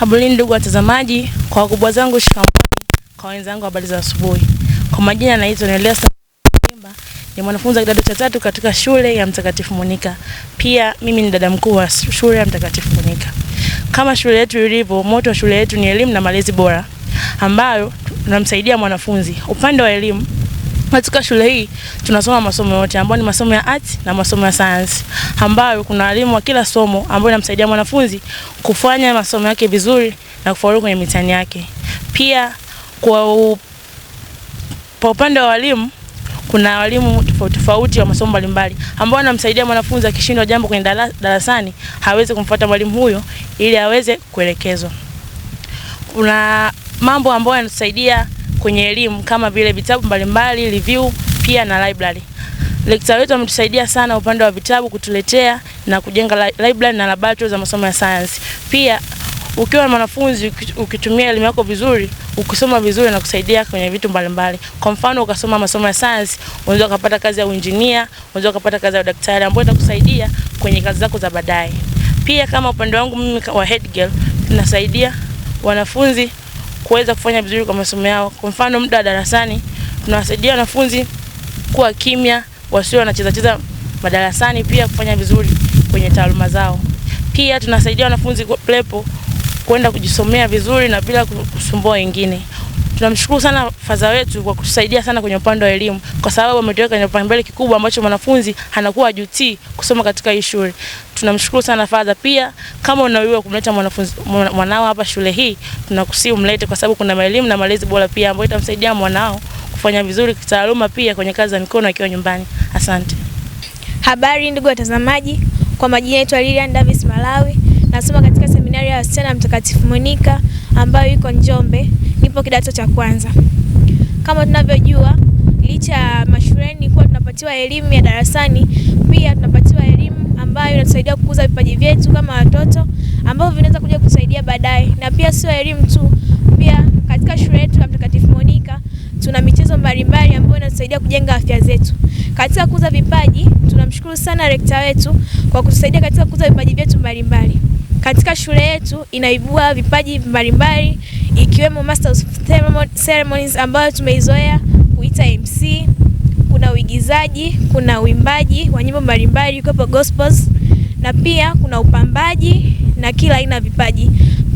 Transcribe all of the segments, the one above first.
Haburini ndugu watazamaji, kwa wakubwa zangu shikamoni, kwa wenzangu habari za asubuhi. Kwa majina naitwa Nelesa Kimba, ni mwanafunzi wa kidato cha tatu katika shule ya Mtakatifu Monika. Pia mimi ni dada mkuu wa shule ya Mtakatifu Monika. Kama shule yetu ilivyo, moto wa shule yetu ni elimu na malezi bora ambayo tunamsaidia mwanafunzi upande wa elimu katika shule hii tunasoma masomo yote ambayo ni masomo ya arts na masomo ya science, ambayo kuna walimu wa kila somo ambao inamsaidia mwanafunzi kufanya masomo yake vizuri na kufaulu kwenye mitihani yake. Pia kwa, u... kwa upande wa walimu kuna walimu tofauti tofauti wa masomo mbalimbali ambao wanamsaidia mwanafunzi akishindwa jambo kwenye darasani hawezi kumfuata mwalimu huyo ili aweze kuelekezwa. Kuna mambo ambayo yanatusaidia kwenye elimu kama vile vitabu mbalimbali, review pia na library. Lecturer wetu ametusaidia sana upande wa vitabu kutuletea na kujenga library na laboratory za masomo ya science. Pia ukiwa mwanafunzi ukitumia elimu yako vizuri, ukisoma vizuri na kusaidia kwenye vitu mbalimbali. Kwa mfano, ukasoma masomo ya science, unaweza kupata kazi ya uinjinia, unaweza kupata kazi ya daktari ambayo itakusaidia kwenye kazi zako za baadaye. Pia kama upande wangu mimi wa head girl, nasaidia wanafunzi kuweza kufanya vizuri kwa masomo yao. Kwa mfano, muda wa darasani tunawasaidia wanafunzi kuwa kimya, wasio wanacheza cheza madarasani, pia kufanya vizuri kwenye taaluma zao. Pia tunasaidia wanafunzi plepo kwenda kujisomea vizuri na bila kusumbua wengine tunamshukuru sana faza wetu kwa kutusaidia sana kwenye upande wa elimu, kwa sababu ametuweka kwenye kipaumbele kikubwa ambacho mwanafunzi anakuwa ajutii kusoma katika hii shule. Tunamshukuru sana faza. Pia kama unaweza kumleta mwanafunzi mwanao hapa shule hii, tunakusii umlete, kwa sababu kuna elimu na malezi bora pia ambayo itamsaidia mwanao kufanya vizuri kitaaluma, pia kwenye kazi za mikono akiwa nyumbani. Asante. Habari ndugu watazamaji, kwa majina yetu Lilian Davis Malawi, nasoma katika seminari ya wasichana Mtakatifu Monica ambayo iko Njombe nipo kidato cha kwanza. Kama tunavyojua, licha ya mashuleni kuwa tunapatiwa elimu ya darasani, pia tunapatiwa elimu ambayo inatusaidia kukuza vipaji vyetu kama watoto ambavyo vinaweza kuja kusaidia baadaye, na pia sio elimu tu katika shule yetu ya Mtakatifu Monika tuna michezo mbalimbali ambayo inatusaidia kujenga afya zetu. Katika kuza vipaji, tunamshukuru sana rekta wetu kwa kutusaidia katika kuza vipaji vyetu mbalimbali. Katika shule yetu inaibua vipaji mbalimbali ikiwemo Master of Ceremonies ambayo tumeizoea kuita MC, kuna uigizaji, kuna uimbaji wa nyimbo mbalimbali ikiwepo gospels na pia kuna upambaji na kila aina vipaji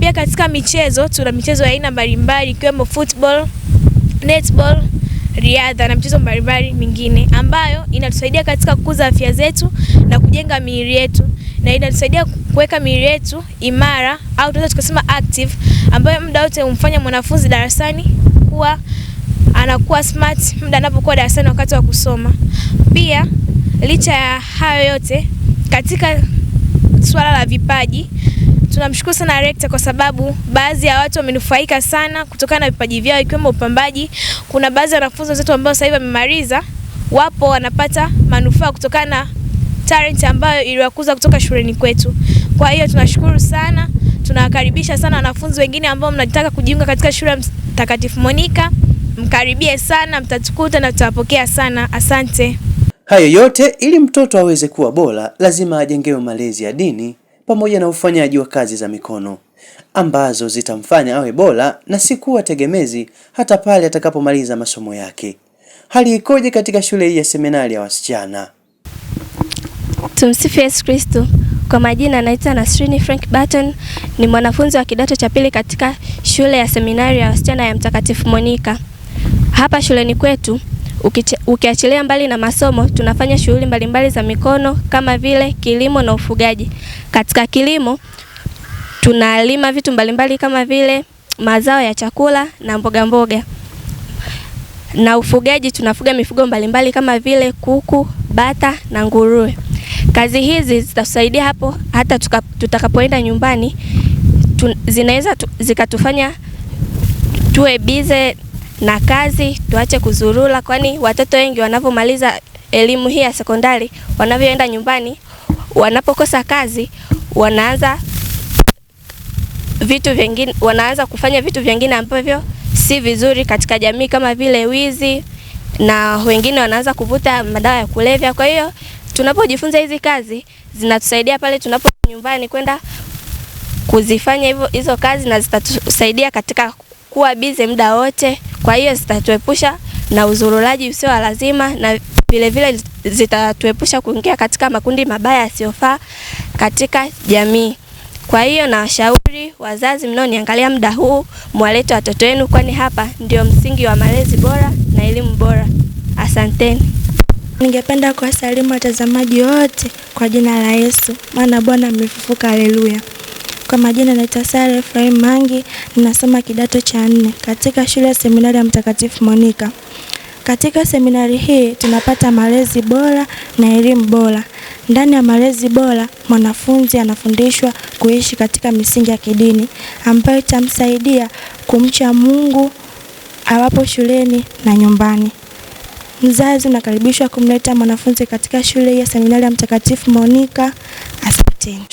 pia katika michezo tuna michezo ya aina mbalimbali ikiwemo football, netball, riadha na michezo mbalimbali mingine ambayo inatusaidia katika kukuza afya zetu na kujenga miili yetu na inatusaidia kuweka miili yetu imara au tunaweza tukasema active, ambayo muda wote humfanya mwanafunzi darasani kuwa anakuwa smart muda anapokuwa darasani wakati wa kusoma. Pia licha ya hayo yote, katika swala la vipaji Tunamshukuru sana rekta kwa sababu baadhi ya watu wamenufaika sana kutokana na vipaji vyao ikiwemo upambaji. Kuna baadhi ya wanafunzi wenzetu ambao sasa hivi wamemaliza, wapo wanapata manufaa kutokana na talent ambayo iliwakuza kutoka shuleni kwetu. Kwa hiyo tunashukuru sana, tunawakaribisha sana wanafunzi wengine ambao mnataka kujiunga katika shule ya Mtakatifu Monica, mkaribie sana, mtatukuta na tutawapokea sana. Asante. Hayo yote ili mtoto aweze kuwa bora, lazima ajengewe malezi ya dini pamoja na ufanyaji wa kazi za mikono ambazo zitamfanya awe bora na si kuwa tegemezi hata pale atakapomaliza masomo yake. Hali ikoje katika shule hii ya seminari ya wasichana? Tumsifu Yesu Kristo. Kwa majina anaitwa Nasrini Frank Button, ni mwanafunzi wa kidato cha pili katika shule ya seminari ya wasichana ya Mtakatifu Monika. Hapa shuleni kwetu Ukiachilia mbali na masomo, tunafanya shughuli mbalimbali za mikono kama vile kilimo na ufugaji. Katika kilimo tunalima vitu mbalimbali kama vile mazao ya chakula na mboga mboga, na ufugaji tunafuga mifugo mbalimbali kama vile kuku, bata na nguruwe. Kazi hizi zitatusaidia hapo hata tutakapoenda nyumbani zinaweza tu, zikatufanya tuwe bize na kazi, tuache kuzurula, kwani watoto wengi wanapomaliza elimu hii ya sekondari, wanavyoenda nyumbani, wanapokosa kazi, wanaanza vitu vingine, wanaanza kufanya vitu vingine ambavyo si vizuri katika jamii kama vile wizi na wengine wanaanza kuvuta madawa ya kulevya. Kwa hiyo tunapojifunza hizi kazi zinatusaidia pale tunapo nyumbani kwenda kuzifanya hizo kazi, na zitatusaidia katika kuwa bize muda wote, kwa hiyo zitatuepusha na uzurulaji usio wa lazima na vilevile zitatuepusha kuingia katika makundi mabaya yasiyofaa katika jamii. Kwa hiyo nawashauri wazazi mnaoniangalia muda huu, mwalete watoto wenu, kwani hapa ndio msingi wa malezi bora na elimu bora. Asanteni. Ningependa kuwasalimu watazamaji wote kwa jina la Yesu, maana Bwana amefufuka. Haleluya. Kwa majina naitwa Sara Efraim Mangi, ninasoma kidato cha nne katika shule ya seminari ya Mtakatifu Monika. Katika seminari hii tunapata malezi bora na elimu bora. Ndani ya malezi bora, mwanafunzi anafundishwa kuishi katika misingi ya kidini ambayo itamsaidia kumcha Mungu awapo shuleni na nyumbani. Mzazi unakaribishwa kumleta mwanafunzi katika shule ya seminari ya Mtakatifu Monika. Asanteni.